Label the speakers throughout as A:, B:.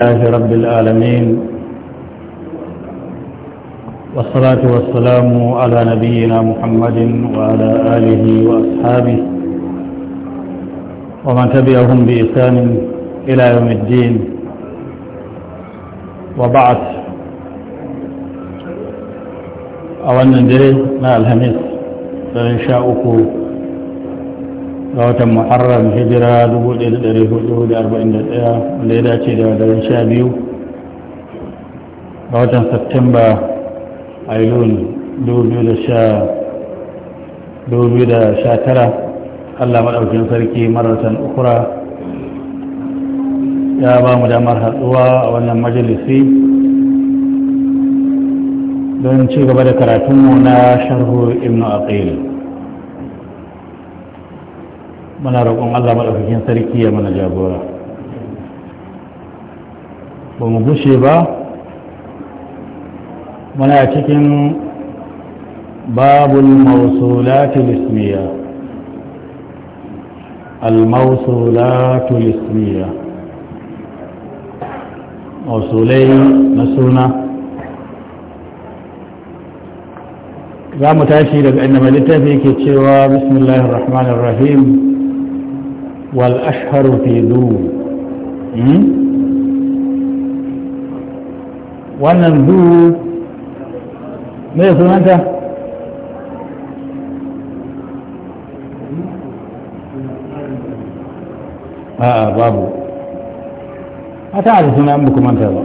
A: الله رب العالمين والصلاة والسلام على نبينا محمد وعلى آله وأصحابه ومن تبعهم بإحسان إلى يوم الدين وبعد أولا نجري ما الهمس فإن شاءكم ga watan muharram hijira 1441 wanda ya dace da daren sha biyu ga watan septemba ailun 2019 allah maɗaukin sarki marasan ukura ya ba mu damar haɗuwa a wannan majalisi don ci gaba da karatunmu na sharhu ibn aqil muna roƙon Allah maɗaukakin sarki ya mana jagora ba mu gushe ba muna cikin babul mausulatul ismiya al-mausulatul ismiya mausulai na suna za mu tashi daga inda mai littafi ke cewa bismillahir rahmanir rahim والأشهر في ذو وأن ذو ماذا يقول أنت؟ آه،, آه بابو أتعرف من أمكم أنت هذا؟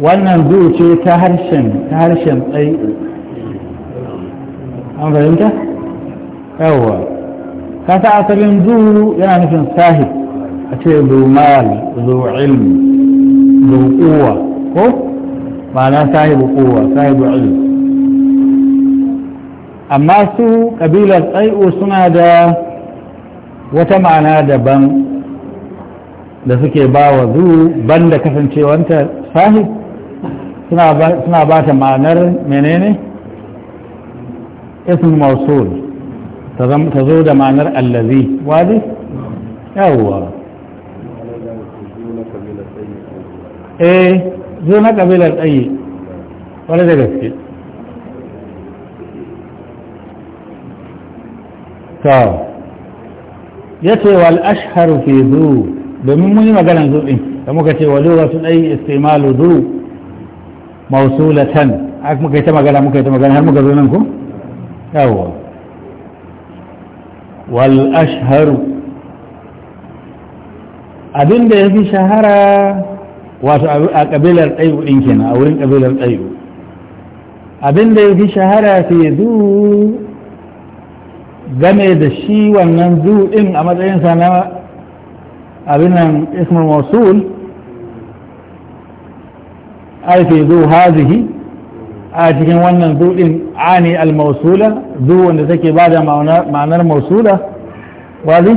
A: وأن ذو شيء كهرشم كهرشم أي أنا فهمته؟ yawwa ka ta asalin zu yana nufin sahib a ce zu mal zu ko ma'ana sahibu kowa sahibu ilm amma su kabilar tsai'u suna da wata ma'ana daban da suke ba wa zu banda kasancewanta sahib suna ba ta ma'anar menene ismin mausul ta zo da ma'anar allazi wadi yawwa eh zo na kabilar tsayi wani da gaske ta ya ce wal ashharu fi zu domin mun yi maganar zuɗin da muka ce wa lura su tsaye istimalu zu mausulatan aka muka yi ta magana muka yi ta magana har muka zo nan ku yawwa wal ashharu abinda ya fi shahara wato a kabilar ɗai'u ɗin kenan a wurin ƙabilar ɗai'u abinda ya fi shahara fi zu game da shi wannan zu din a matsayin matsayinsa na abinan ismul mausul ai fi zu hazihi a cikin wannan zuɗin ani al-mausula zu wanda take ba da ma'anar mausula wazi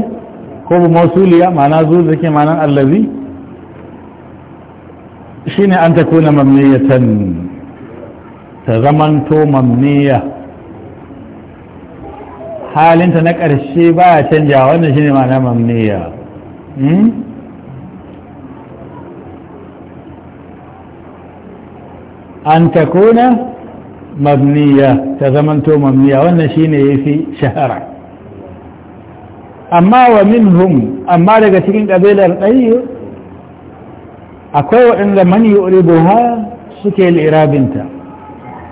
A: ko bu mausuliya ma'ana zu da take ma'anar allazi shine an ta kuna mamniyatan ta zamanto mamniya halinta na ƙarshe ba ya canja wannan shine ma'anar mamniya hmm? an ta takuna mabniya ta zamanto mabniya wannan shine fi shahara amma wa minhum amma daga cikin kabilar ɗayyu akwai waɗanda mani uribuha suke lirabinta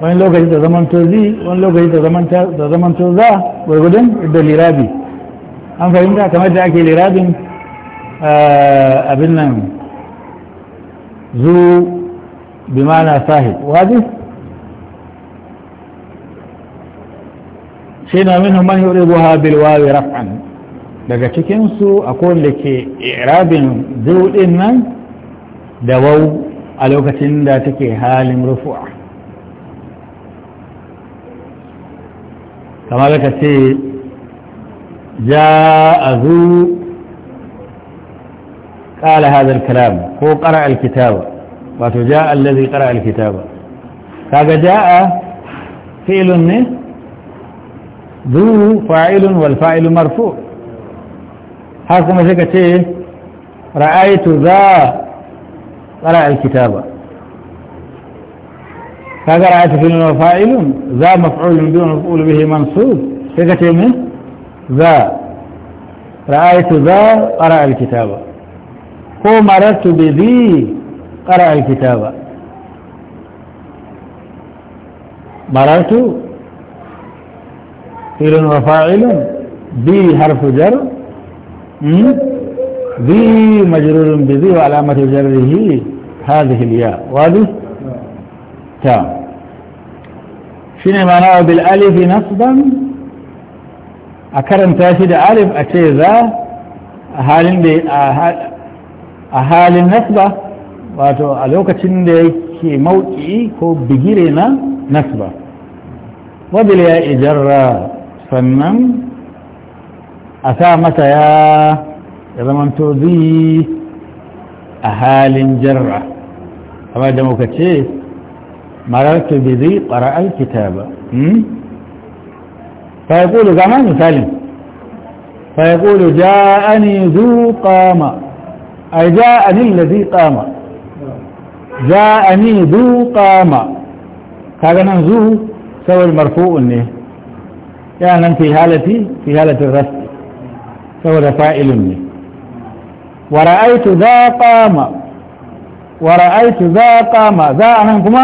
A: wani lokaci ta zamanto zi wani lokaci ta zamanto za gwargudun da lirabi an fahimta kamar da ake lirabin eh, abin nan zu بمعنى صاحب واضح شينا منهم من يريبها بالواو رفعا daga cikinsu akwai da ke irabin zuɗin nan da wau a lokacin da take halin rufu'a kamar ka ce ja a zu ƙala hazar kalam ko ƙara alkitawa wato ja allazi ƙara alkitaba kaga ja a fi'ilun ne zuhu fa'ilun wal fa'ilun marfu har kuma shi ce ra'aitu za ƙara alkitaba kaga ra'aitu fi'ilun wal fa'ilun za maf'ulun biyu na ƙulu bihi mansu shi ka ce min za ra'aitu za ƙara alkitaba ko marattu bi biyu قرأ الكتاب مررت فعل وفاعل بي حرف جر بي مجرور بذي وعلامة جره هذه الياء واضح تام شنو معناه بالالف نصبا أكرم تاشد ألف أشي ذا اهالي أه، أهال النصبة wato a lokacin da yake mauki ko bigire na nasba wadda ya ijarra sannan a sa mata ya zamanto zai a halin jarra amma da muka ce mararta bi zai ƙara alkita ba hmm? fa ya ƙulu gama misalin fa ya ƙulu ja'ani zuƙama a ja'anin da zai ƙama za a ni zu kama kaga nan zu saboda marfu'un ne yana nan fi halati fi halatin rasti saboda fa'ilun ne wa ra'aitu za kama wa ra'aitu za kama za a nan kuma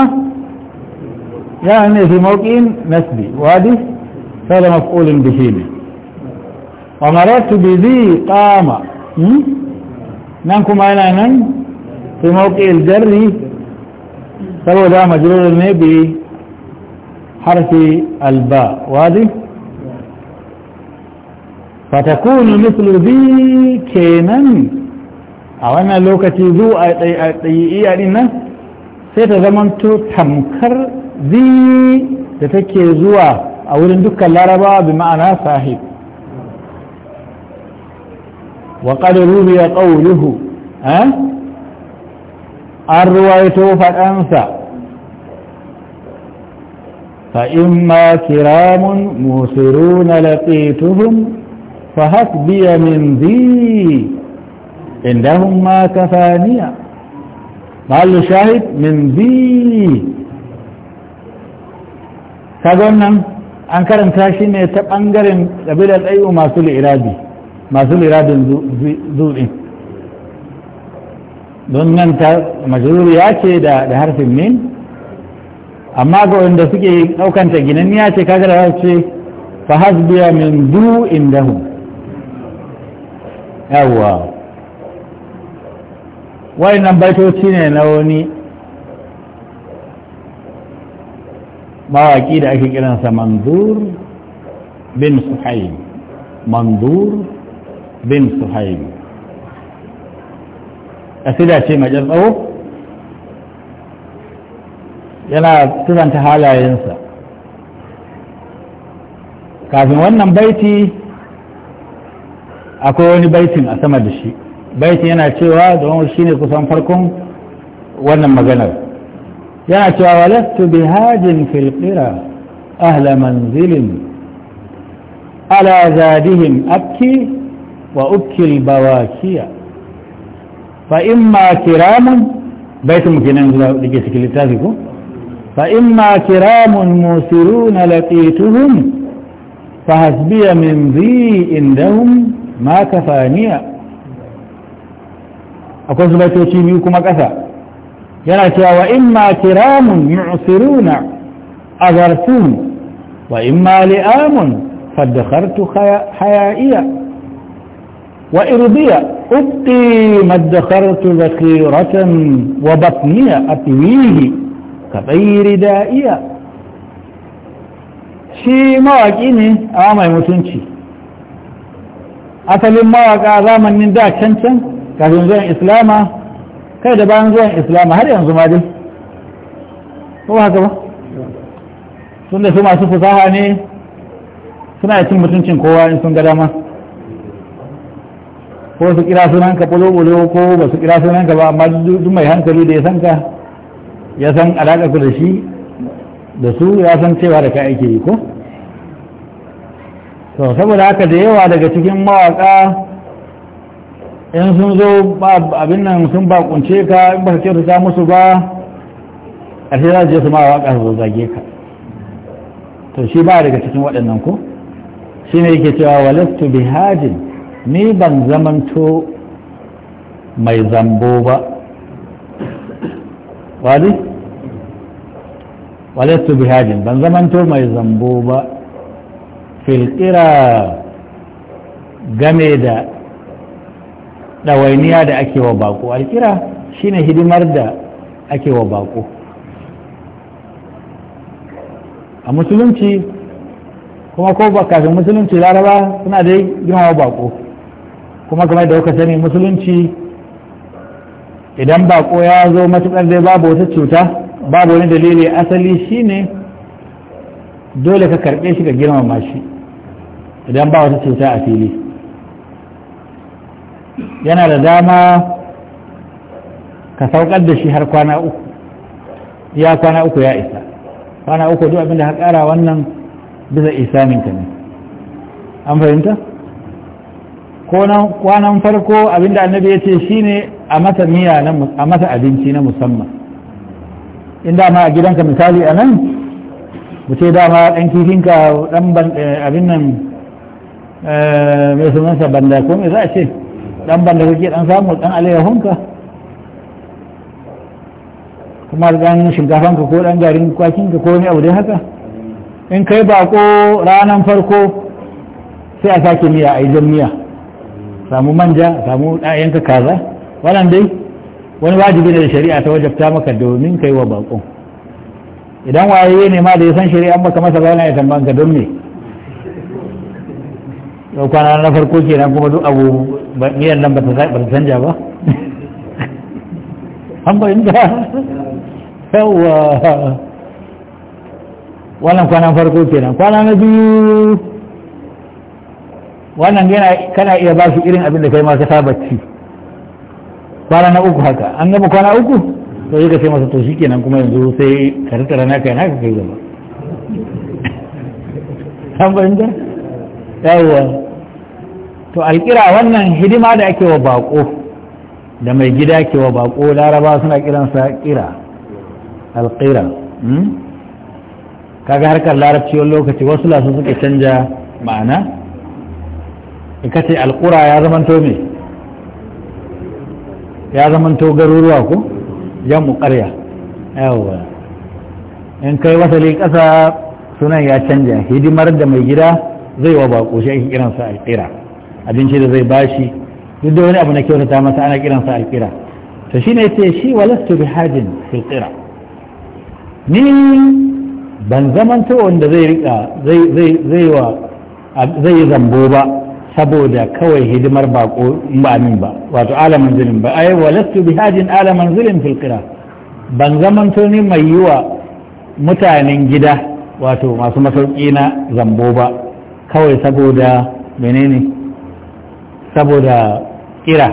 A: yana ne fi mawqin nasbi wadi saboda maf'ulun bihi ne wa maratu bi zi kama nan kuma yana nan في موقع الجر فهو ده مجرور المي بحرف الباء وهذه فتكون مثل ذي كينا او انا لو كتي ذو اي اي اي ادينا سيت زمانتو تمكر ذي تتكي زوا او لندك العربة بمعنى صاحب وقد روبي قوله ها أه؟ an ruwaito faɗansa فإما كرام موسرون لقيتهم فهسبي من ذي عندهم ما كفانية قال شاهد من ذي كذلنا an karanta shi ne ta ɓangaren ƙabilar ɗayu masu lirabi masu zuɗin don nan ta ya ce da harfin min amma ga wanda suke daukanta ya ce kaga da ce fa hasbiya min du indahum yawwa wayannan baitoci ne na wani mawaki da ake kiransa manzur bin suhaib manzur bin suhaib Ƙasida ce mai tsawo yana tunanta halayensa kafin wannan baiti akwai wani baitin a sama da shi baitin yana cewa don shi ne kusan farkon wannan maganar yana cewa walastu bi hajin filƙira ahla manzilin ala zadihim abki wa ukil bawakiya fa imma kiramun baitun kenan da dake fa imma kiramun musiruna laqituhum fa hasbiya min zi indahum ma kafaniya akwai zubaitoci biyu kuma ƙasa. yana cewa wa imma kiramun mu'siruna azartuhum li'amun faddakhartu haya'iya وإرضية أبقي ما ادخرت ذخيرة وبطنية أتويه كغير دائية shi mawaƙi ne a mai mutunci asalin mawaƙa zamanin da can can kafin zuwa islama kai da bayan zuwan islama har yanzu ma dai haka ba tun da masu fusaha ne suna cin mutuncin kowa in sun ga dama ko su kira sunanka bolo-bolo ko ba su kira sunanka ba amma duk mai hankali da ya san ka ya san alaka ku da shi da su ya san cewa da ka aiki yi ko to saboda haka da yawa daga cikin mawaka in sun zo abin nan sun kunce ka in ba ka ta musu ba a sai za su je su ma waƙa su zage ka to shi ba daga cikin waɗannan ko shi ne yake cewa walastu bihajin ni ban zamanto mai zambo ba wali bi bihajin ban zamanto mai zambo ba filkira game da ɗawainiya da ake wa bako alkira shine hidimar da ake wa bako a musulunci kuma ko ba kafin musulunci laraba suna dai girma wa bako kuma kamar da kuka sani musulunci idan bako ya zo matukar dai babu wata cuta babu wani dalili asali shine dole ka karbe shi ka girmama shi idan ba wata cuta a fili yana da dama ka saukar da shi har kwana uku ya kwana uku ya isa kwana uku duk abinda ka kara wannan bisa isaninka ne an fahimta? Ko kwanan farko abinda annabi ya ce shi ne a mata miya a mata abinci na musamman in ma a gidanka misali a nan mu ce dama ɗan kifinka ɗan eh, abin nan eh, mai sunansa banda ko me za a ce ɗan banda kake ɗan samu ɗan alayyahunka kuma ɗan shinkafanka ko ɗan garin kwakinka ko wani abu dai haka in kai bako ranan farko sai a sake miya a yi jan miya samu manja samu ɗayanka kaza wannan dai wani wajibi ne da shari'a ta wajabta maka domin kai wa bakon idan waye ne ma da ya san shari'a baka masa ba yana tambayan ka don me yau kwana na farko kenan kuma duk abu miyan nan ba ta canja ba
B: an bayyanta
A: yawwa wannan kwanan farko kenan kwana na biyu wannan yana kana iya ba shi irin abin da kai ma ka saba ci kwana na uku haka an gama kwana uku to yi ka ce masa to kenan kuma yanzu sai ka tattara naka yana ka kai gaba an inda yawwa to alkira wannan hidima da ake wa bako da mai gida ke wa bako laraba suna kiransa kira alkira hmm? kaga harkar larabci wani lokaci wasu lasu suke canja ma'ana in ka ce alƙura ya zamanto me ya zamanto garuruwa ko jan muƙarya yawa in kai wasali ƙasa sunan ya canja hidimar da mai gida zai wa baƙo shi ake kiransa alƙira abinci da zai bashi duk da wani abu na kyautata masa ana kiransa alƙira to shi ne ce shi walastu bi hajin filƙira ni ban zamanto wanda zai rika zai wa zai yi zambo ba saboda kawai hidimar bako ba min ba wato ala manzilin ba ai walastu bi hajin ala manzilin fil qira ban zamanto ni mai yiwa mutanen gida wato masu masauki na zambo ba kawai saboda menene saboda kira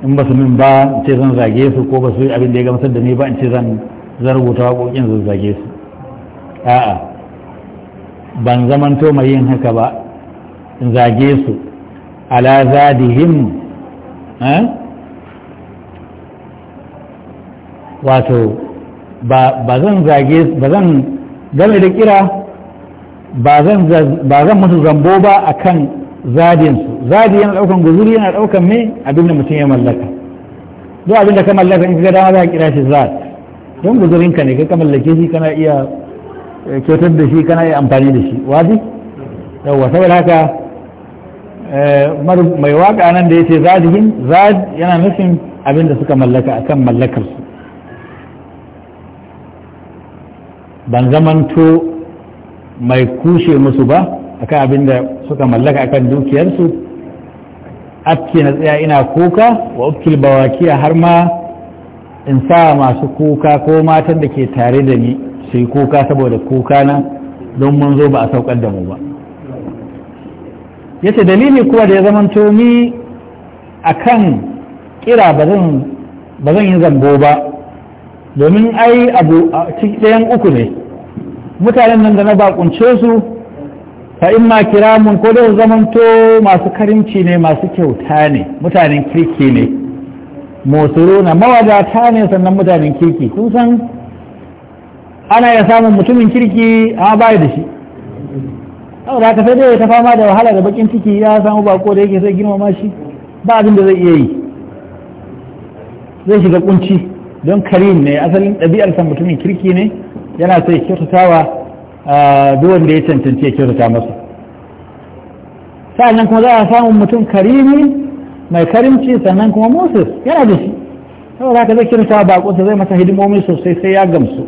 A: in ba su min ba in ce zan zage su ko ba su yi abin da ya gamsar da ni ba in ce zan rubuta waƙoƙin zan zage su a'a ban zamanto mai yin haka ba in zage su ala zadihim wato ba zan zage ba zan game da kira ba zan musu zambo ba a kan zadinsu zadi yana daukan guzuri yana daukan me abinda mutum ya mallaka duk abinda ka mallaka in ga dama za ka kira shi zad don guzurinka ne ka mallake shi kana iya eh, kyautar da shi kana iya amfani da shi wazi yawwa saboda haka Eh, mai waƙa nan da ya ce za zad yana nufin abin da suka mallaka a kan mallakarsu ban zamanto mai kushe musu ba akan abin da suka mallaka a kan dukiyarsu afki na tsaya ina kuka wa ukil bawakiya har ma in sa masu kuka ko matan da ke tare da ni su yi kuka saboda kuka na don mun zo ba a saukar da mu ba yace dalili kuwa da ya zamanto ni kan kira ba zan yi zambo ba domin ai abu ɗayan uku ne mutanen nan da na bakunce su ta in ma mun ko da zamanto masu karimci ne masu kyauta ne mutanen kirki ne na mawadata ne sannan mutanen kirki kun san ana ya samun mutumin kirki a bai da shi saboda haka sai dai ta fama da wahala da bakin ciki ya samu bako da yake sai girmama shi ba abin da zai iya yi zai shiga kunci don karim ne asalin san mutumin kirki ne yana sai kyautatawa duwan da ya cancanci ya kyautata masa sa'annan kuma za a samun mutum karimi mai karimci sannan kuma moses yana da shi saboda haka zai kyautata bakonsa zai masa hidimomi sosai sai ya gamsu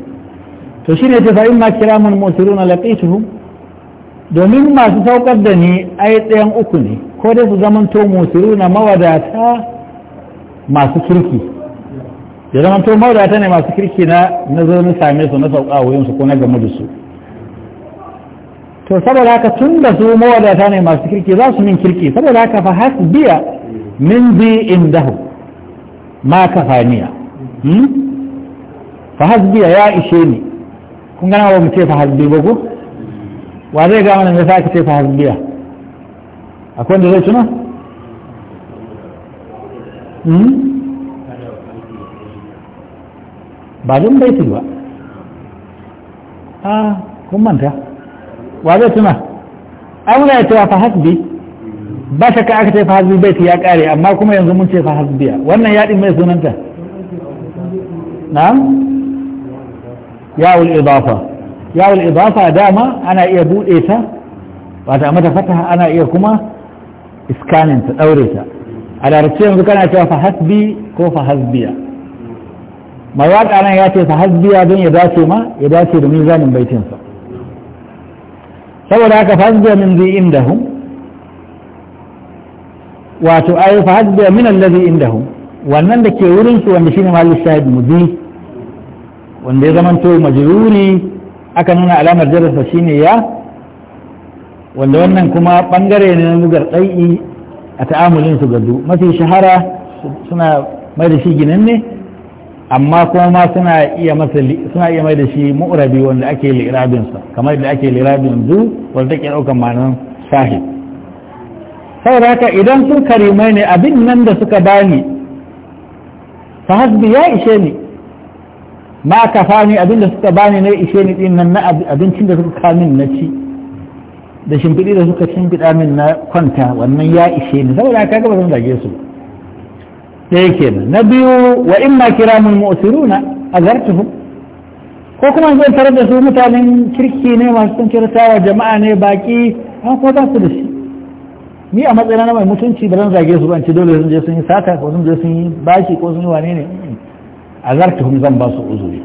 A: to shine ta fa'in ma kiramun musiruna laqituhum domin masu saukar da ni ai ɗayan uku ne ko dai su zamanto musiru na mawadata masu kirki ya to mawadata ne masu kirki na na zo na same su na sauka wurinsu ko na gamu da su to saboda haka tun da su mawadata ne masu kirki za su min kirki saboda haka fa biya min bi indahu ma faniya hmm? fa biya ya ishe ni kun gana ba mu ce fa biya ba ko wa zai gama wannan yasa aka ce fa hasbiya akwai wanda zai tuna hmm? ba don baiti ba a ah, kun manta wa zai tuna aula ya cewa fa hasbi ba shakka aka ce fa hasbi baiti ya kare amma kuma yanzu mun ce fa hasbiya wannan yaɗin mai sunanta na'am ya'ul idafa yawon idafa dama ana iya buɗe ta ba ta mata fata ana iya kuma iskanin ta ɗaure ta a larabci yanzu kana cewa fa ko fa mai waƙa nan ya ce fa don ya dace ma ya dace da mizanin baitinsa saboda haka fa min zai inda hun wato ai fa hasbiya min allazi inda hun wannan da ke wurin su wanda shine mahallin shahid mubi wanda ya zama to majruri aka nuna alamar jararsa shine ya wanda wannan kuma bangare ne na mugar ɗai'i a ta'amulin su gadu mafi shahara suna mai da shi ginanne amma kuma ma suna iya masa suna iya mai da shi mu'rabi wanda ake lirabinsa kamar da ake lirabin du wanda take ɗaukar ma'anar sahib saboda haka idan sun karimai ne abin nan da suka bani fa hasbi ya ishe ni ma ka fani abinda suka bani na ishe ni din nan na abincin da suka kamin na ci da shimfiɗi da suka shimfiɗa min na kwanta wannan ya ishe ni saboda haka gaba zan zage su ɗaya kenan na biyu wa in ma kira mun mu'siruna azartuhum ko kuma zan tarar da su mutanen kirki ne masu son kirtawa jama'a ne baki an ko za su da shi ni a matsayina na mai mutunci ba zan zage su ban ci dole sun je sun yi sata ko sun je sun yi bashi ko sun yi wane ne azartuhum zan ba su uzuri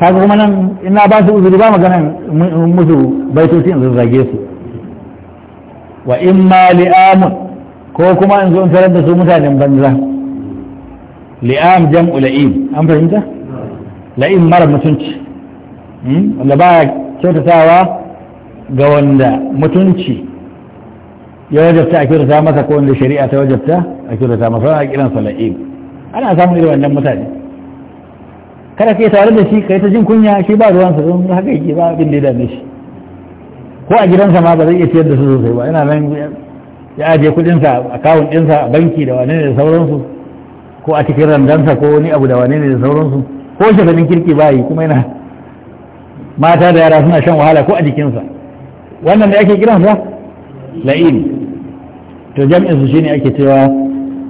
A: kaga kuma nan ina ba su uzuri ba maganan musu baitoci in zazzage su wa in ma li'amun ko kuma in zo in tarar da su mutanen banza li'am jam'u la'im an fahimta la'im mara mutunci hmm? wanda ba kyautatawa ga wanda mutunci ya wajabta a kirta masa ko wanda shari'a ta wajabta a kirta masa a kiran sala'im ana samun irin wannan mutane kada ka yi tare da shi ka yi ta jin kunya shi ba sa don haka yake ba abin da ya dame shi ko a gidansa ma ba zai iya ciyar da su sosai ba yana nan ya ajiye kudinsa a kawun ɗinsa a banki da wane ne da sauransu ko a cikin randansa ko wani abu da wane ne da sauransu ko shagalin kirki ba yi kuma yana mata da yara suna shan wahala ko a jikinsa wannan da ake kiransa la'in to jami'insu su shine ake cewa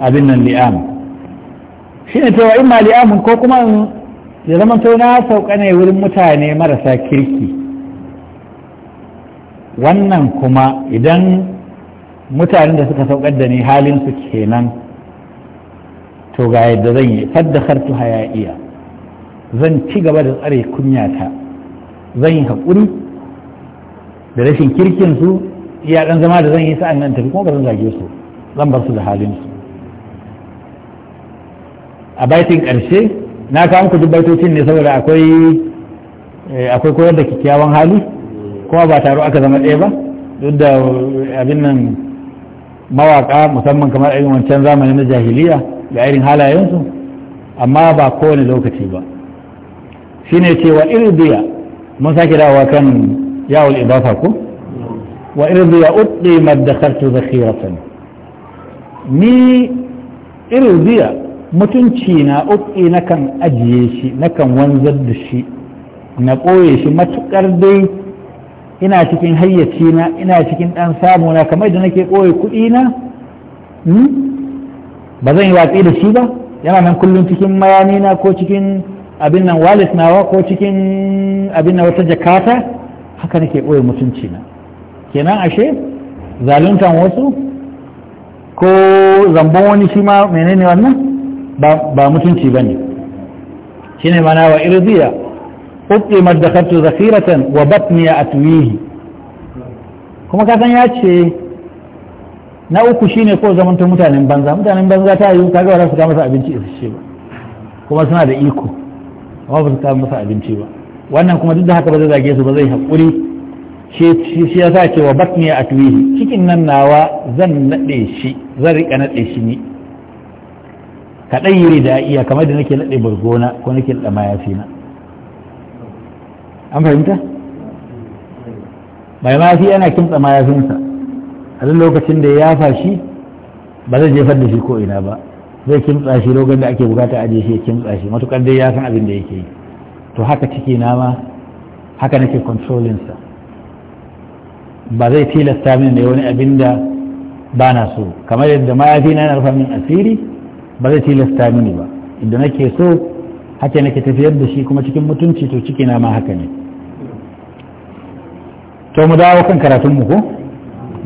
A: abin nan li'am shi shine cewa imma li'amun ko kuma ya zama to na sauka ne wurin mutane marasa kirki wannan kuma idan mutanen da suka saukar da ni halin su kenan to ga yadda zan yi faddakartu haya'iya zan ci gaba da tsare kunyata zan yi haƙuri da rashin kirkin su. iya dan zama da zan yi sa'an nan tafi kuma ba zan zage su zan bar su da halin su a baitin karshe na kawo muku duk baitocin ne saboda akwai eh, akwai koyar da kyakkyawan hali kuma ba taro aka zama ɗaya ba duk da eh, abin nan mawaka musamman kamar irin wancan zamani na jahiliya ga irin halayensu amma ba kowane lokaci ba shine cewa irin biya mun sake dawowa kan yawon ibafa ko وإرضي أطلي ما ادخرت ذخيرة ني إرضي متنشينا أطلي نكن أجيشي نكن وانزدشي نقويشي matukar dai ina cikin hayyacina ina cikin ɗan samuna kamar da nake ɓoye kuɗina ba zan yi watsi da shi ba yana nan kullum cikin mayanina ko cikin abin nan walet nawa ko cikin abin na wata jakata haka nake ɓoye mutuncina kenan ashe zaluntan wasu ko zambon wani shi ma menene wannan ba mutunci ba ne shi ne mana wa irziya ƙuɗɗimar da kartu zafiratan wa batniya a tuwihi kuma kasan ya ce na uku shi ne ko zamanta mutanen banza mutanen banza ta yi kaga wadda su kama masa abinci isasshe ba kuma suna da iko amma su kama masa abinci ba wannan kuma duk da haka ba zai zage su ba zai haƙuri shi ya sa wa batni a tuwihi cikin nan nawa zan naɗe shi zan riƙa naɗe shi ni kaɗai yiri da iya kamar da nake naɗe burgona ko nake naɗe mayafi na an fahimta mai mayafi yana kimtsa mayafinsa a duk lokacin da ya yafa shi ba zai jefar da shi ko ina ba zai kimtsa shi lokacin da ake bukata je shi ya kimtsa shi matuƙar dai ya san abin da yake yi to haka ciki na ma haka nake controlling sa ba zai tilasta min da wani abin da ba na so kamar yadda mayafi na rufa min asiri ba zai tilasta mini ba inda nake so haka nake tafiyar da shi kuma cikin mutunci to ciki na ma haka ne to mu dawo kan karatun mu ko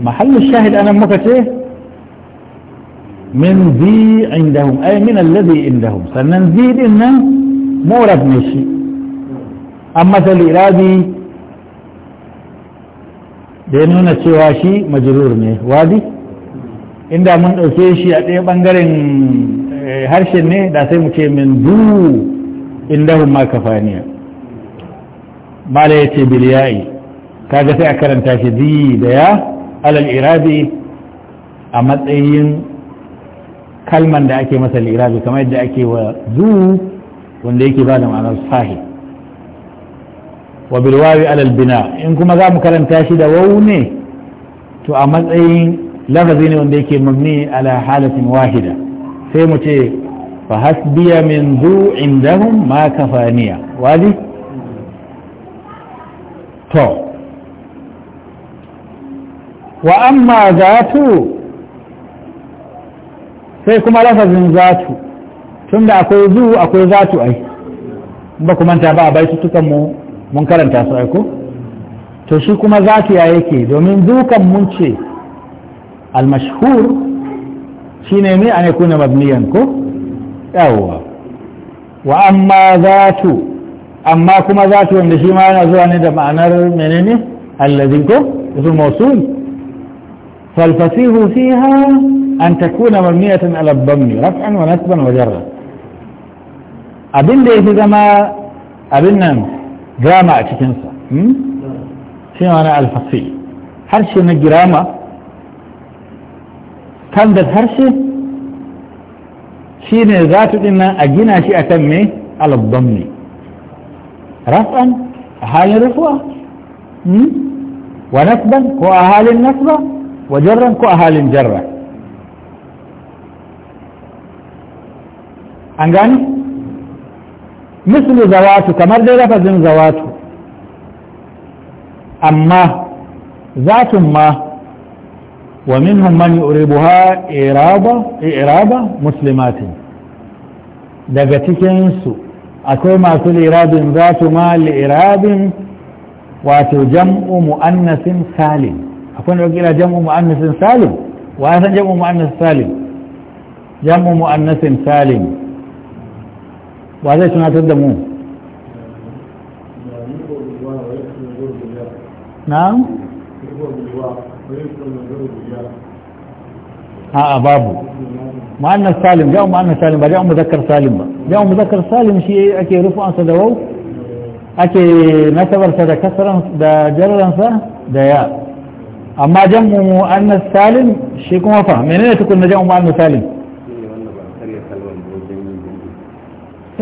A: mahallin shahid anan muka ce min zi indahum ay min alladhi indahum sannan zi din nan murad ne shi amma sai irabi da ya nuna cewa shi majalur ne wadi inda mun ɗauke shi a ɗaya ɓangaren eh, harshen ne da sai muke min du indahun ma kafaniya mala ya ce biliyayi kaga sai a karanta shi di da ya alal irabi a matsayin kalman da ake masa irabi kamar yadda ake wa du wanda yake ba da ma'anar sahih wa bilwawi alal bina in kuma za mu karanta shi da wau ne to a matsayin lafazi ne wanda yake mabni ala halatin wahida sai mu ce fa hasbiya min zu indahum ma kafaniya wadi to wa amma zatu sai kuma lafazin zatu tunda akwai zu akwai zatu ai ba kuma ta ba a tukan mu mun karanta su aiko to shi kuma ya yake domin dukan mun ce almashhur ne mai an yakuna mabniyan ko yawwa wa amma zatu amma kuma zatu wanda shi ma yana zuwa ne da ma'anar menene allazi ko ism mawsul فالفصيح فيها أن تكون مبنية على الضم رفعا ونسبا وجرا أبن yake zama abin nan جامع تكنسا شيء معنى الفصيل هرشي من الجرامة كان ذات هرشي شيء ذات إن أجينا شيء أتمي إيه؟ على الضمي رفعا أهالي رفوة ونسبا كو أهالي النسبة وجرا كو أهالي الجرة أنجاني mislu zawatu kamar dai lafazin zawatu amma zatun ma wa minhum man yuribuha iraba iraba muslimatin daga cikin su akwai masu lirabin zatu ma lirabin wato jam'u mu'annasin salim akwai da kira jam'u mu'annasin salim wa san jam'u mu'annasin salim jam'u mu'annasin salim ba zai tunatar da mu A a'a babu ma'annar salim ja'un ma'annar salim ba ja'un muzakkar salim ba ja'un muzakkar salim shi ake rufu'ansa da wau ake nasabarsa da kasaran da jarransa da ya amma jam'u mu'annas salim shi kuma fa menene tukunna ja'un mu'annas salim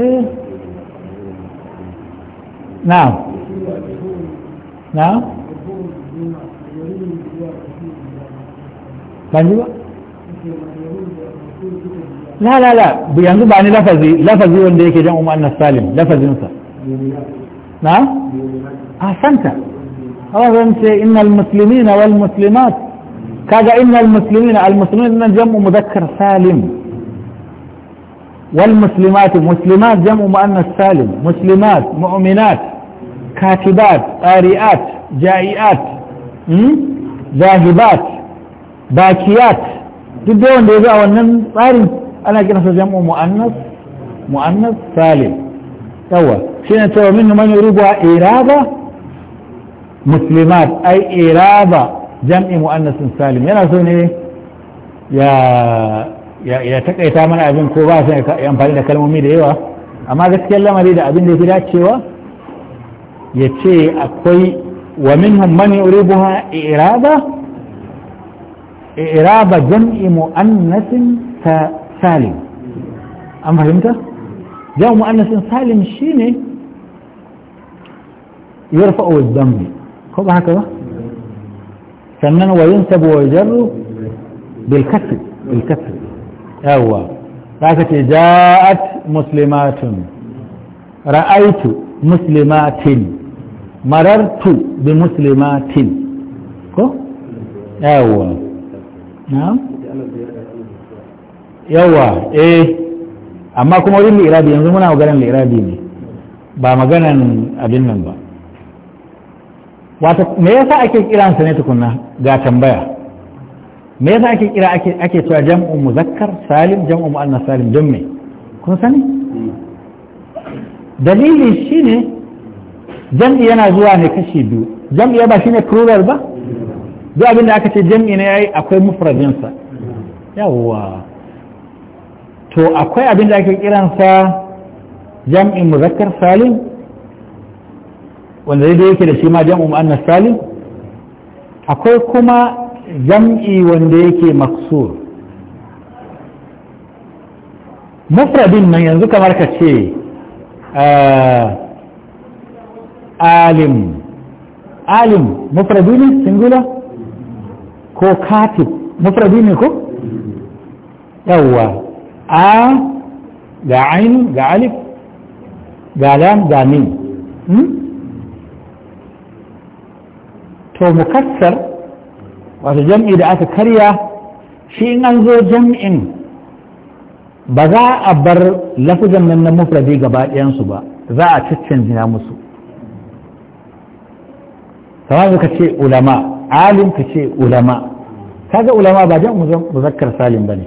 A: إيه؟ نعم نعم من لا لا لا بيانزو باني لفظي لفظي ونديك جان أمان السالم لفظي نصر نعم أحسنت الله سنسي إن المسلمين والمسلمات كذا إن المسلمين المسلمين من جمع مذكر سالم والمسلمات مسلمات جمع مؤنث سالم مسلمات مؤمنات كاتبات قارئات جائعات ذاهبات باكيات تدون دي ونن قارئ انا كده جمع مؤنث مؤنث سالم توا شنو توا منه من يريد إرادة مسلمات اي إرادة جمع مؤنث سالم يعني شنو يا ya takaita mana abin ko ba sai su amfani da kalmomi da yawa amma gaskiyar lamari da abin da fi dacewa ya ce akwai wa minhum man yuribuha irada iraba jam'i mu'annasin salim an fahimta jam'i mu'annasin salim shine yarfa ad-dam ko ba haka ba sannan wayin yunsabu jarru bil kasr bil kasr yawwa za ka ce ja'at muslimatun ra'aitu muslimatin marartu bi muslimatin ko yawwa na'am yawwa eh amma kuma wurin lirabi yanzu muna maganan lirabi ne ba maganan abin nan ba wata me yasa ake kiransa ne tukunna ga tambaya me yasa ake kira ake ake cewa jam'u muzakkar salim jam'u muannas salim don me kun sani dalili shine jam'i yana zuwa ne kashi biyu jam'i ba shine plural ba duk abin da aka ce jam'i ne yayi akwai mufradin sa yawwa to akwai abin da ake kiransa jam'in muzakkar salim wanda dai yake da shi ma jam'u muannas salim akwai kuma jam'i wanda yake maksur mufradin nan yanzu kamar ka ce eh, alim alim mufradi ne singular ko katib mufradi ne ko yawwa a ga ainu ga alif ga lam ga min hmm? to mukassar wato jam'i da aka karya shi in an zo jam'in ba za a bar lafizan nan na mufradi gaba ɗayansu ba za a jina musu kamar ka ce ulama alim ka ce ulama kaga ulama ba jam’u muzakkar salim bane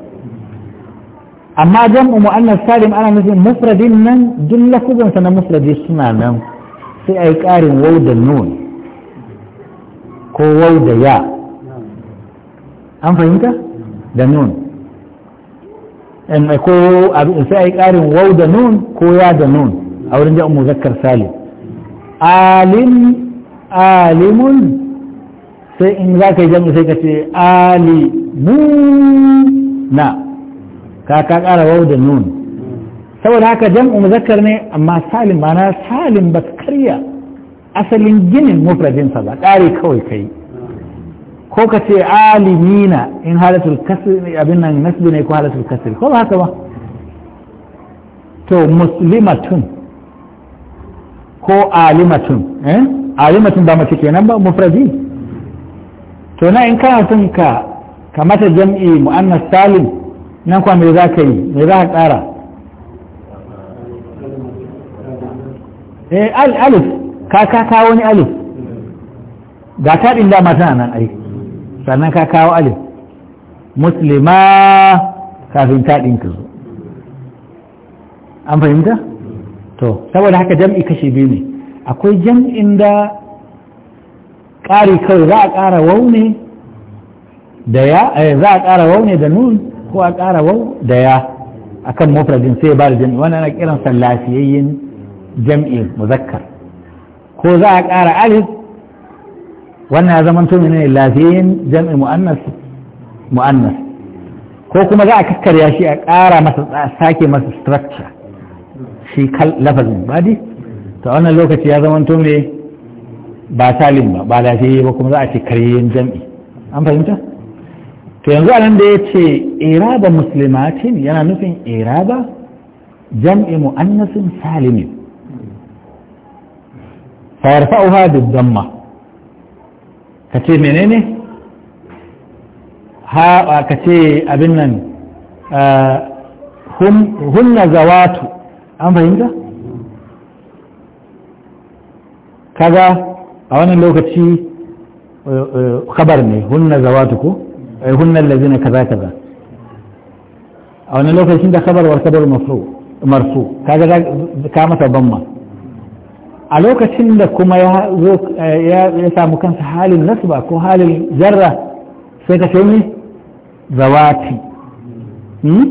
A: amma jam'u mu'annas salim ana nufin mufradin nan duk sa na mufradi suna nan sai a yi ƙarin wau da nun ko wau da ya an fahimta da nun in ko sai a yi ƙarin wau da nun ko ya da nun a wurin ja'un muzakkar salim alim alimun sai in za ka yi jami sai ka ce alimuna ka ka ƙara wau da nun saboda haka jam'u muzakkar ne amma salim na salim ba karya asalin ginin mufradinsa ba ƙari kawai kai ko ka ce alimina in halatul kasri abin nan nasbi ne ko halatul kasri ko ba haka ba to muslimatun ko alimatun eh alimatun ba mace kenan ba mufradi to na in kana son ka ka mata jam'i mu'annas salim nan kuwa me za ka yi me za ka tsara? eh alif ka ka kawo ni alif ga taɗin dama tana nan aiki sannan ka kawo alif muslima kafin ta ɗinka zo an fahimta to saboda haka jam'i kashe biyu ne akwai jam'in da ƙari kawai za a ƙara waune da ya eh, za a ƙara waune da nun ko a ƙara wau da ya akan mufradin sai ba da jam'i wani ana kiran sa lafiyayyen jam'i muzakkar ko za a ƙara alif wannan ya zamanto ne lafiyin jam'i mu'annas ko kuma za a kakkarya shi a ƙara masa sake masa structure shi lafazin ba ta wannan lokaci ya zamanto ne ba salim ba ba lafiyi ba kuma za a ce karyayyen jam'i an fahimta to yanzu a nan da ya ce iraba musulmatin yana nufin iraba jam'i mu'annasin salimin fa yarfa'uha damma ka ce menene ha ka ce abin nan hunna zawatu an fahimta kaga a wannan lokaci e, e, kabar ne hunna zawatu ko e, hunna lazina kaza kaza a wannan lokacin da kabar war kabar marfu kaga ka masa bamma a lokacin da kuma ya samu kansa halin nasba ko halin jarra sai ka ce zawati hmm?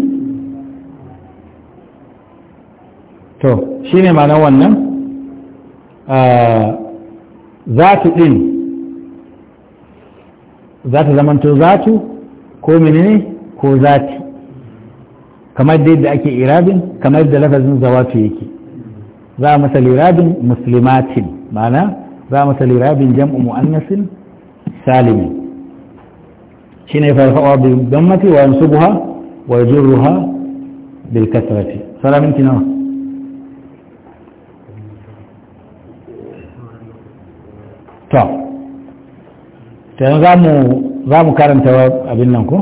A: to shi ne mana wannan ah, zatu ɗin za ta zamanto zatu ko menene ko zati kamar da yadda ake irabin kamar da lafazin zawatu yake za masa lirabin muslimatin ma'ana za masa lirabin jam'u mu'annasin salimi shine farfawa bi dammati wa yansubuha wa ruha bil kasrati sara minti nawa to to za mu karanta abin nan ko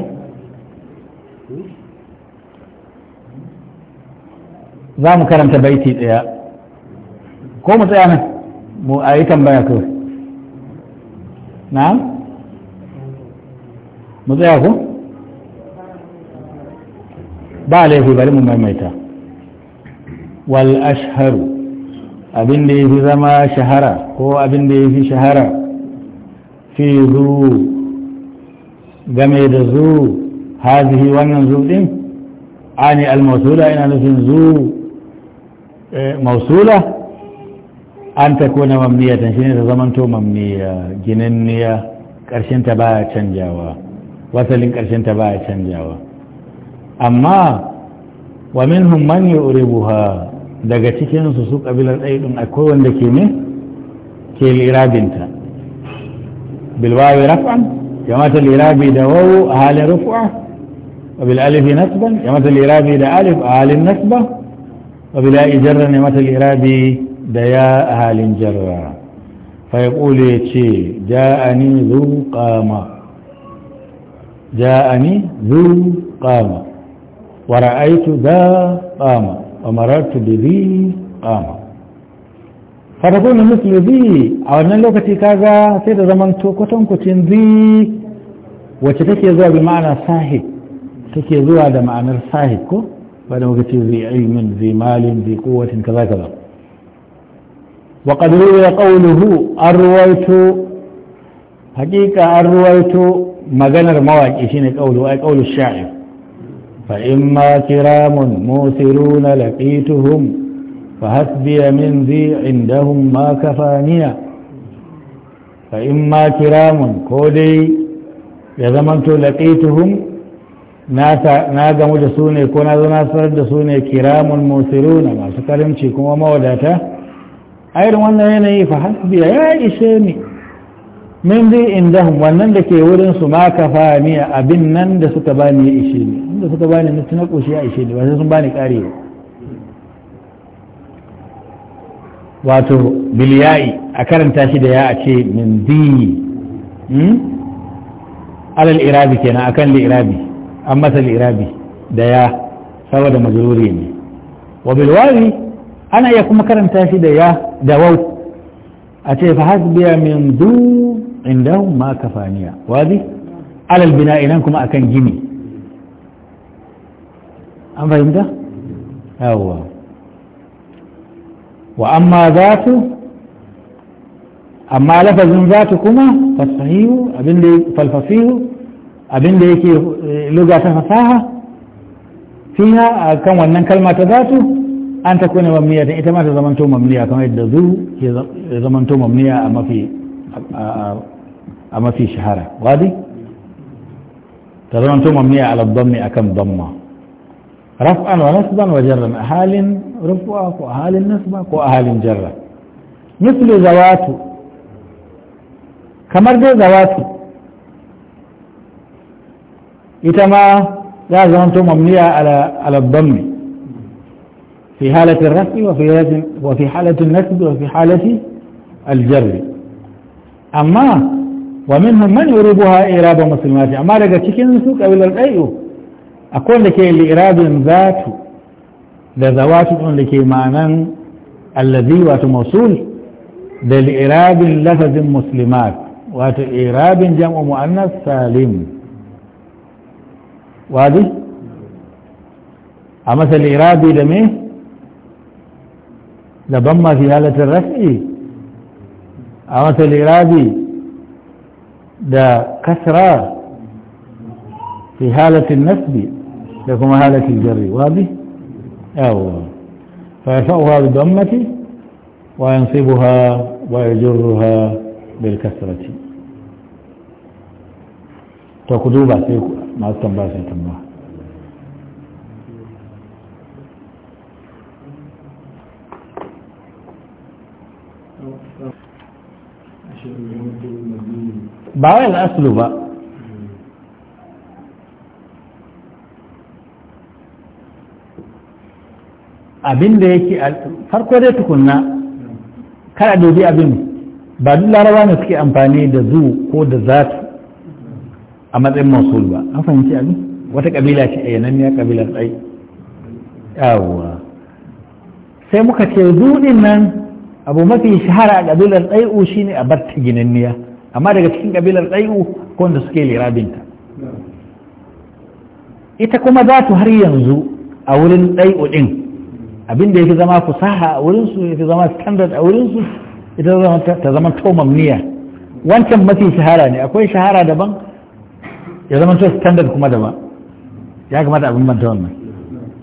A: za mu karanta baiti ɗaya. ko mu tsaya nan mu a yi tambaya kawai na'am mu tsaya ku ba laifi bari mu maimaita wal ashharu abin da ya fi zama shahara ko abin da ya fi shahara fi zu game da zu hazihi wannan zu din ani al-mausula ina nufin zu mausula an ta kona mammiyatan shi ne ta zama zamanto mammiya ginanniya ta ba ya canjawa wasalin ta ba ya canjawa amma wa minhum man yu'ribuha daga cikin su su kabilar ɗaiɗin akwai wanda ke ne ke lirabinta bilwawi raf'an ya mata lirabi da wawu a halin rufuwa wa bil alifi nasban ya mata lirabi da alif a halin nasba wa bil ijarran ya mata lirabi da ya a halin jarra fayakulu ya ce ja'ani zu ƙama ja'ani zu ƙama wa ra'aitu za ƙama wa marartu da zi ƙama fatakun misli zi a wannan lokaci kaga sai da zaman kwatankwacin zi wacce take zuwa bi ma'ana sahib take zuwa da ma'anar sahib ko ba da muka ce zai ilmin zai malin zai kowacin kaza kaza وقد روي قوله أرويت حقيقة أرويت مغنى المواقع شين قوله أي قول الشاعر فإما كرام موسرون لقيتهم فحسبي من ذي عندهم ما كفانيا فإما كرام كودي يزمنت لقيتهم na gamu da su ne ko na zo na sanar da su ne kiramun musiruna masu karimci kuma mawadata a irin wannan yanayi fa hasbiya ya ishe ni min zai inda wannan da ke wurin su ma fa ni abin nan da suka bani ya ishe ni inda suka bani na tuna koshi ya ishe ni ba sai sun bani kare wato biliyayi a karanta shi da ya a ce min zi hmm? alal irabi kenan akan li irabi an masa li irabi da ya saboda majruri ne wa bilwawi ana iya kuma karanta shi da ya da wau a ce fa hasbiya min du indahum ma kafaniya wadi alal bina'i nan kuma akan gini an fahimta yawwa wa amma zatu amma lafazin zatu kuma fasahihu abinda falfasihu abinda yake eh, luga ta fasaha fiha akan wannan kalma ta zatu أن تكون مبنية إذا ما تضمنتم مبنية كما إذا يضمنتم مبنية أما في أما في شهارة غادي تضمنتم مبنية على الضم أكم ضمة رفعا ونصبا وجرا أهال رفع وأهال نصبا وأهال جرا مثل ذوات كما رجل زوات إذا ما لا زمنتم مبنية على على الضم في حالة الرفع وفي وفي حالة النسب وفي حالة الجر أما ومنهم من يريبها إرابة مسلمات أما لقد تشكي نسوك أو للأي أقول لك لإراب ذات ذا أقول لك معنى الذي وتموصول ذا لإراب لفظ مسلمات وإراب جمع مؤنث سالم وهذه أمثل إرابي دميه لضم في هالة الرفع عامة الإرادي دا كسرة في هالة النسب لكم هالة الجر واضح أو فيرفعها بالضمة وينصبها ويجرها بالكسرة تقدوبة ما التنباس التنباس
B: ba wai al'aslu ba
A: abin da yake farko dai tukunna kada dubi abin ba duk larawa ne suke amfani da zu ko da zatu a matsayin masul ba an fahimci abin wata kabila ce a yananniya kabilar ɗai yawwa sai muka ce zu din nan abu mafi shahara a kabilar ɗai'u shine a bar ta ginanniya amma daga cikin ƙabilar tsayu ko wanda suke lirabinta ita kuma za ta har yanzu a wurin tsayu din abinda fi zama fusaha a wurinsu ya fi zama standard a wurinsu ita ta zama tomamniya wancan mafi shahara ne akwai shahara daban ya zama to standard kuma daban ya kamata abin banta wannan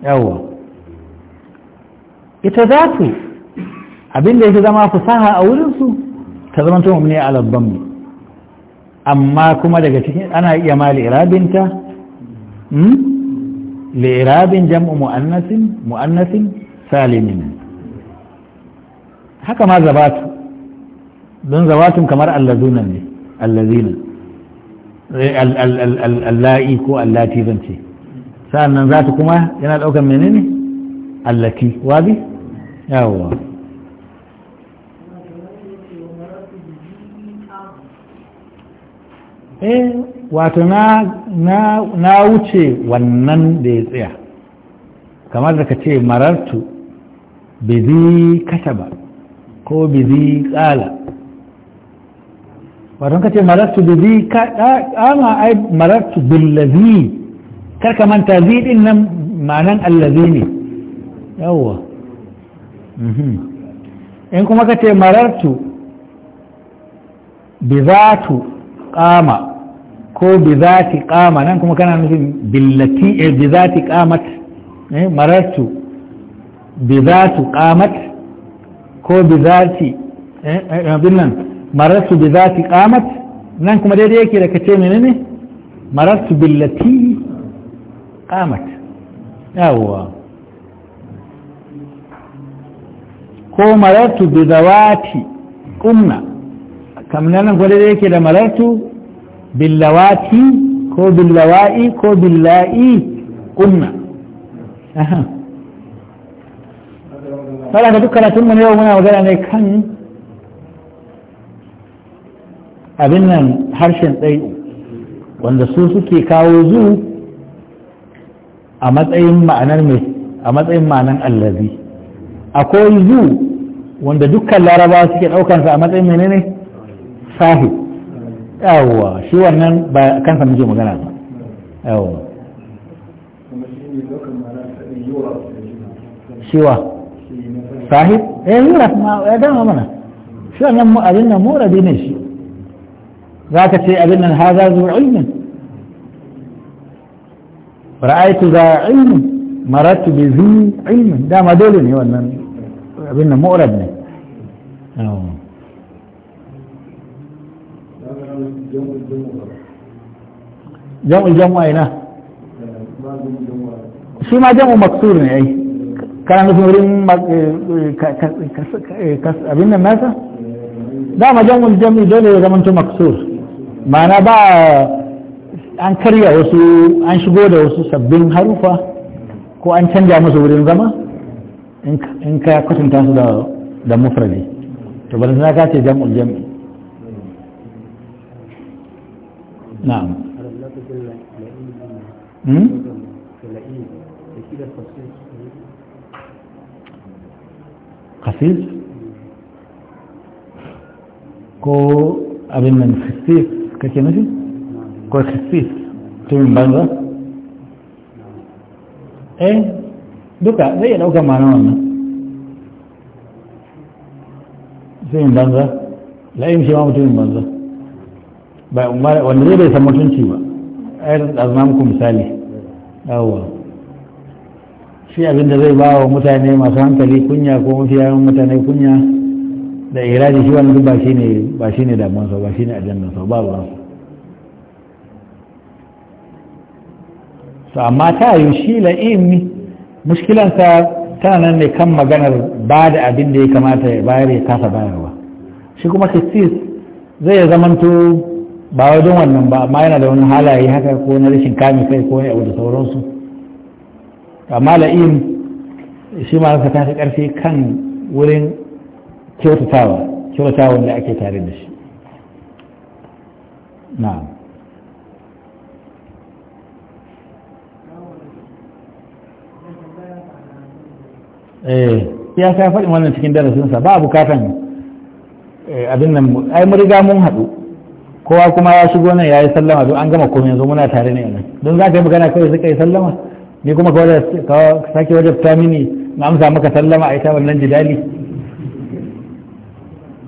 A: yawwa ita za su abinda ya fi zama fusaha a wurinsu ta zama to mamniya a labbanmu amma kuma daga cikin ana iya ma li'irabinta hmm? li'irabin jam'u mu'annasin mu'annasin salimin haka ma zabatu don zabatun kamar allazuna ne allazina eh, alla'i ko allati zance sa'annan zata kuma yana daukan menene allati wabi yawwa eh wato na wuce wannan da ya tsaya kamar da ka ce marartu bizi ba ko bizi tsala wato ka ce marartu bizi kama ai marartu billazi karka manta zi din nan manan allazi ne yawwa mhm. in kuma ka ce marartu bizatu qama ko bi zati qama nan kuma kana nufin billati eh, bi zati qamat eh marartu bi zati qamat ko bi zati eh, eh abin nan marartu bi zati qamat nan kuma daidai yake da kace menene marartu billati qamat yawa ko marartu bi zawati qumna kamar nan gwada da yake da malartu billawati ko billawa'i ko billa'i kunna saboda duk karatun mu yau muna magana ne kan abin nan harshen tsayi wanda su suke kawo zu a matsayin ma'anar mai a matsayin ma'anar allazi akwai zu wanda dukkan laraba suke ɗaukansa a matsayin menene sahi yawa shi wannan ba kansa muke magana ba yawa
B: shiwa sahib
A: eh yura ma ya dama mana shi wannan mu abin nan muradi ne shi zaka ce abin nan haza zu ilmin ra'aytu za ilmin maratu bi zu ilmin dama dole ne wannan abin nan murad ne yawa jam'u jam'u aina shi ma jam'u maksur ne ai kana nufin wurin eh, abin nan nasa dama jam'u jam'u dole ya zamanto maksur ma'ana ba an karya wasu an shigo da wasu sabbin harufa ko an canja musu wurin zama in ka kwatanta su da mufradi to bari na ka ce jam'u jam'u na'am kafis ko abin nan kafis ko kafis turin banza eh duka zai iya ɗaukar ma'ana wannan turin banza la'im shi ma mutumin banza wanda zai bai san mutunci ba ayar da zama muku misali yawa shi abinda zai ba wa mutane masu hankali kunya ko mafi yawon mutane kunya da iradi shi wani ba shi ne ba shi ne damansa ba shi ne ajandansa ba ba su amma ta yi shi la'imi mushkilansa tana nan ne kan maganar ba da abin da ya kamata ya bayar ya kasa bayarwa shi kuma kistis zai zamanto ba wajen wannan ba amma yana da wani halaye haka ko na rashin kame kai ko na abu da sauransu amma la'im shi ma ka tafi karfi kan wurin kyautatawa kyautatawa da ake tare da shi na. eh ya sai faɗin wannan cikin darasinsa ba bukatan eh, abin nan ai mun riga mun haɗu kowa kuma ya shigo nan ya yi sallama don an gama komai yanzu muna tare ne yanzu don za ka yi magana kawai suka yi sallama ni kuma ka sake wajabta mini na amsa maka sallama a ita wannan jidali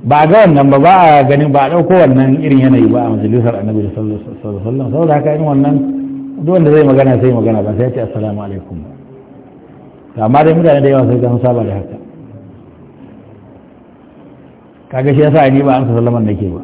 A: ba ga wannan ba ba a ganin ba a ɗauko wannan irin yanayi ba a majalisar annabi da sallallahu alaihi saboda haka in wannan duk wanda zai magana sai magana ba sai ya ce assalamu alaikum amma dai mutane da yawa sai ga saba da haka kaga shi yasa ni ba amsa sallaman nake ba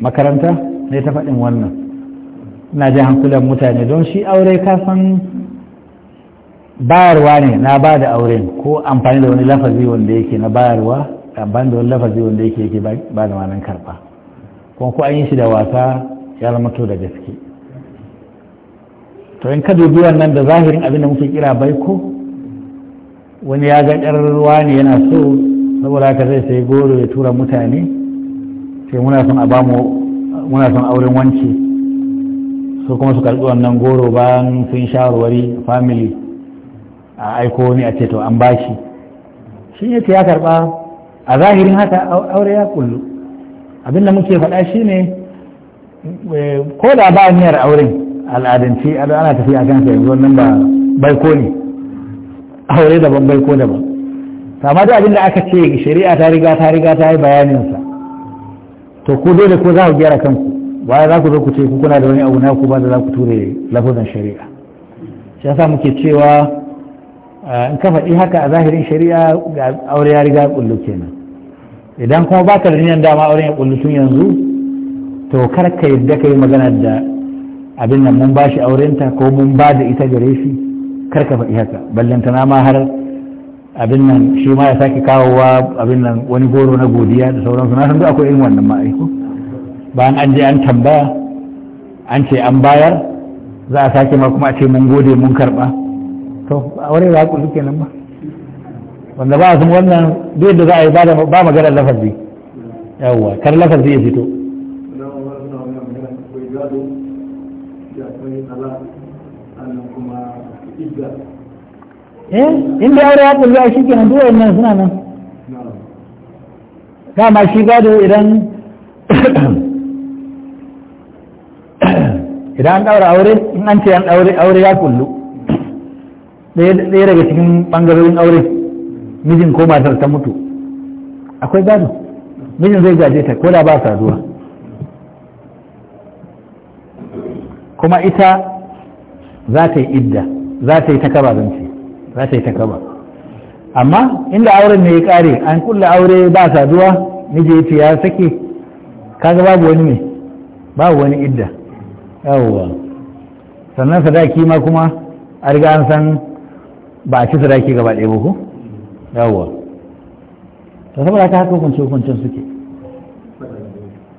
A: makaranta ne ta faɗin wannan na ji hankulan mutane don shi aure kasan bayarwa ne na ba da auren ko amfani da wani lafazi wanda yake na bayarwa amfani da wani lafazi wanda yake yake ba da manan karɓa kuma ko an yi shi da wasa ya to da gaske to in ka dubi wannan da zahirin abin da muke kira baiko wani ya ga ƙarar ne yana so saboda haka zai sai goro ya tura mutane Sai muna son a bamu muna son auren wanci su kuma su karɓi wannan goro bayan sun shawarwari family a aiko ne a ce to an bashi shi ne ta ya karɓa a zahirin haka aure ya kullu abinda muke faɗa shi ne eh, ko da ba niyyar auren al'adance ana tafiya kan kansa yanzu wannan ba baiko ne aure daban baiko daban amma da abinda aka ce shari'a ta riga ta riga ta yi bayaninsa to ku dole ko za ku gyara kanku ba za ku zo ku ce ku kuna da wani abu naku ba da za ku ture lafazan shari'a shi yasa muke cewa in ka faɗi haka a zahirin shari'a ga aure ya riga kullu kenan idan kuma baka da niyan dama auren ya kullu tun yanzu to kar ka yadda kai magana da abin nan mun bashi aurenta ko mun ba da ita gare shi kar ka faɗi haka ballantana ma har abin nan shi ma ya sake kawowa abin nan wani goro na godiya da sauransu na san duk akwai irin wannan ma'aiko eh bayan an je an tambaya an ce an bayar za a sake ma kuma a ce mun gode mun karba to a wani ba ku suke nan ba wanda ba a wannan duk da za a yi ba magana lafazi yawwa kar lafazi ya fito eh in da aure ya kullu a shi kenan duk wannan suna nan dama shi gado idan idan an daura aure in an ce an daure aure ya kullu ɗaya daga cikin ɓangarorin aure mijin ko matar ta mutu akwai gado mijin zai gaje ta ko da ba zuwa kuma ita za ta yi idda za ta yi ta kaba zance za ta yi ta kaba amma inda auren ne ya kare an kulle aure ba saduwa miji ya ce ya sake kaga babu wani ne babu wani idda yawwa sannan sadaki ma kuma a riga an san ba a ci sadaki gaba ɗaya ba yawwa ta saboda ta haka hukunci hukuncin suke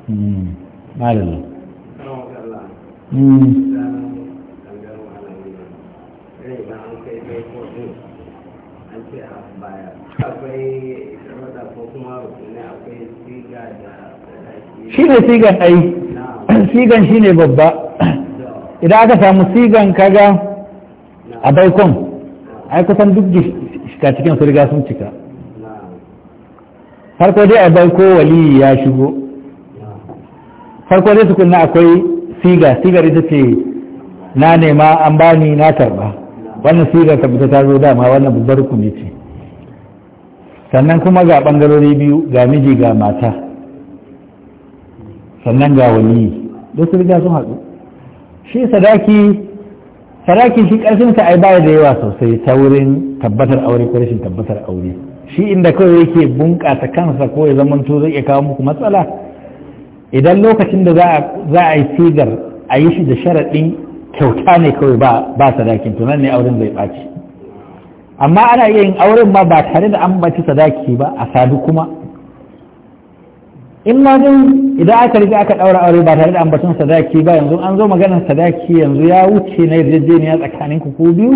A: hmm. malala hmm. shi ne sigan ai sigan shi ne babba idan aka samu sigan kaga a baikon ai kusan duk shika cikin su riga sun cika farko dai a baiko waliyi ya shigo farko dai tukunna akwai siga sigar ita ce na nema an bani na karba wannan sigar ta fita ta zo dama wannan babbar kuma ce sannan kuma ga bangarori biyu ga miji ga mata sannan ga wani. don su riga sun haɗu shi sadaki sadaki shi ƙarfinsa ai baya da yawa sosai ta wurin tabbatar aure ko rashin tabbatar aure shi inda kawai yake bunƙasa kansa ko ya to zai iya kawo muku matsala idan lokacin da za a yi sigar a yi shi da sharaɗin kyauta ne kawai ba sadakin tunan ne auren zai ɓaci amma ana iya yin auren ma ba tare da an baci sadaki ba a sadu kuma in ma din idan aka rike aka daura aure ba tare da ambaton sadaki ba yanzu an zo maganar sadaki yanzu ya wuce na yarjejeniya tsakanin ku ku biyu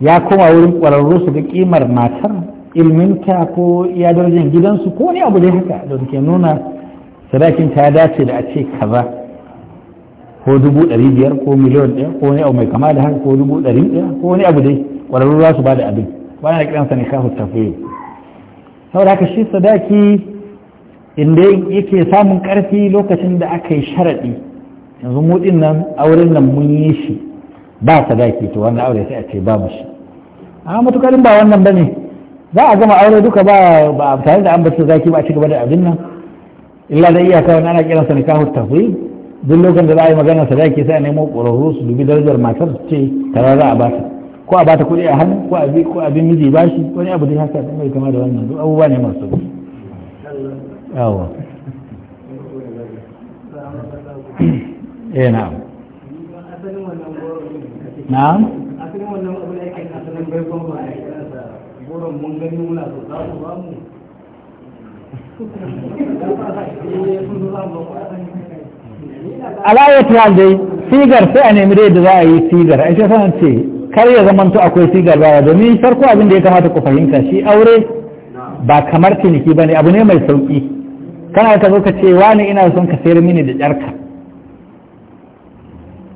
A: ya koma wurin kwararru su ga kimar matar ilminta ko iya darajar gidansu ko ne abu dai haka da suke nuna sadakin ta dace da a ce kaza ko dubu ɗari biyar ko miliyon ɗaya ko ne abu mai kama da haka ko dubu ɗari ɗaya ko ne abu dai kwararru za su ba da abin ba na da kiransa ne kafin tafiye saboda haka shi sadaki inda yake samun ƙarfi lokacin da aka yi sharaɗi yanzu mutsin nan auren nan mun yi shi ba sadaki to wannan aure sai a ce ba mu shi a matukarin ba wannan ba ne za a gama aure duka ba ba tare da an bar sadaki ba a cigaba da abin nan illa da iyaka wani ana kiransa ne kahu tafri duk lokacin da za a yi magana sadaki sai a nemo ƙwararru su dubi darajar matar su ce tara za a ba ta ko a ba ta kuɗi a hannu ko a bi abin miji ba shi wani abu dai haka mai kama da wannan duk abubuwa ne masu yawa eh na'am
B: na'am asalin wannan
A: abu dai sigar sai a nemi dai da za a yi sigar a shafan ce kar ya zamanta akwai sigar ba domin farko abin da ya kamata ku fahimta shi aure ba kamar ciniki ba ne abu ne mai sauƙi kana ta zo ka ce wani ina son ka sayar mini da ƙyarka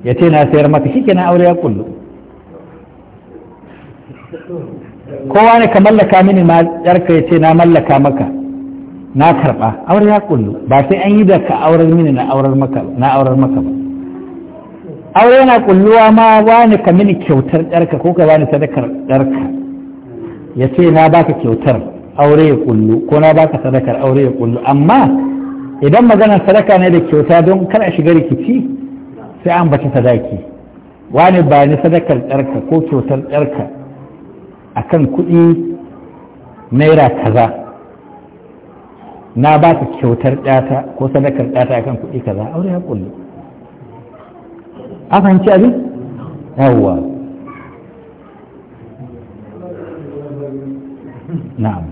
A: ya ce na sayar maka shi na aure ya kullu
B: kowa ne ka mallaka
A: mini ma ƙyarka ya ce na mallaka maka na karɓa aure ya kullu ba sai an yi da ka aurar mini na aurar maka na aurar maka ba aure yana kulluwa ma wani ka mini kyautar ƙyarka ko ka bani sadakar ƙyarka ya ce na baka kyautar aure ya kullu ko na baka sadakar aure ya kullu amma idan maganar sadaka ne da kyauta don kar a shiga rikici sai an baci sadaki wani ba ni sadakar ɗarka ko kyautar ɗarka kan kuɗi naira kaza na ba ka kyautar ɗata ko sadakar ɗata a kan kuɗi kaza aure ya kullu a fahimci abin yawwa na'am